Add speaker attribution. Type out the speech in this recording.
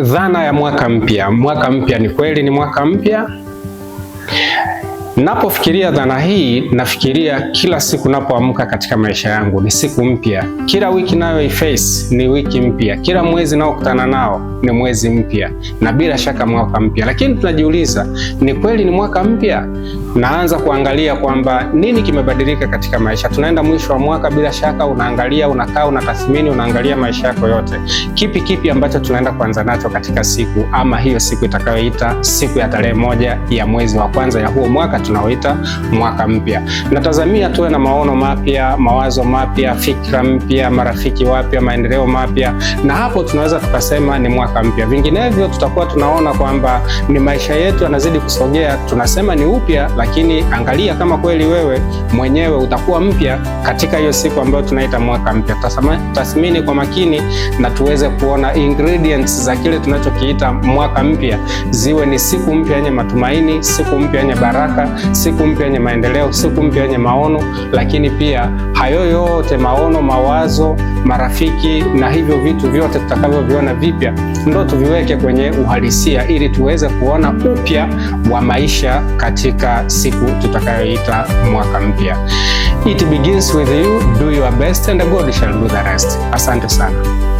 Speaker 1: Dhana ya mwaka mpya. Mwaka mpya ni kweli ni mwaka mpya? Napofikiria dhana hii, nafikiria kila siku napoamka katika maisha yangu ni siku mpya, kila wiki nayo iface ni wiki mpya, kila mwezi naokutana nao ni mwezi mpya, na bila shaka mwaka mpya. Lakini tunajiuliza, ni kweli ni mwaka mpya? naanza kuangalia kwamba nini kimebadilika katika maisha. Tunaenda mwisho wa mwaka, bila shaka unaangalia, unakaa, unatathmini, unaangalia maisha yako yote, kipi kipi ambacho tunaenda kuanza nacho katika siku ama hiyo siku itakayoita siku ya tarehe moja ya mwezi wa kwanza ya huo mwaka tunaoita mwaka mpya. Natazamia tuwe na maono mapya, mawazo mapya, fikra mpya, marafiki wapya, maendeleo mapya, na hapo tunaweza tukasema ni mwaka mpya. Vinginevyo tutakuwa tunaona kwamba ni maisha yetu yanazidi kusogea, tunasema ni upya lakini angalia kama kweli wewe mwenyewe utakuwa mpya katika hiyo siku ambayo tunaita mwaka mpya. Tathmini kwa makini na tuweze kuona ingredients za kile tunachokiita mwaka mpya ziwe ni siku mpya yenye matumaini, siku mpya yenye baraka, siku mpya yenye maendeleo, siku mpya yenye maono, lakini pia hayo yote maono, mawazo, marafiki na hivyo vitu vyote tutakavyoviona vipya ndo tuviweke kwenye uhalisia ili tuweze kuona upya wa maisha katika siku tutakayoita mwaka mpya. It begins with you, do your best and God shall do the rest. Asante sana.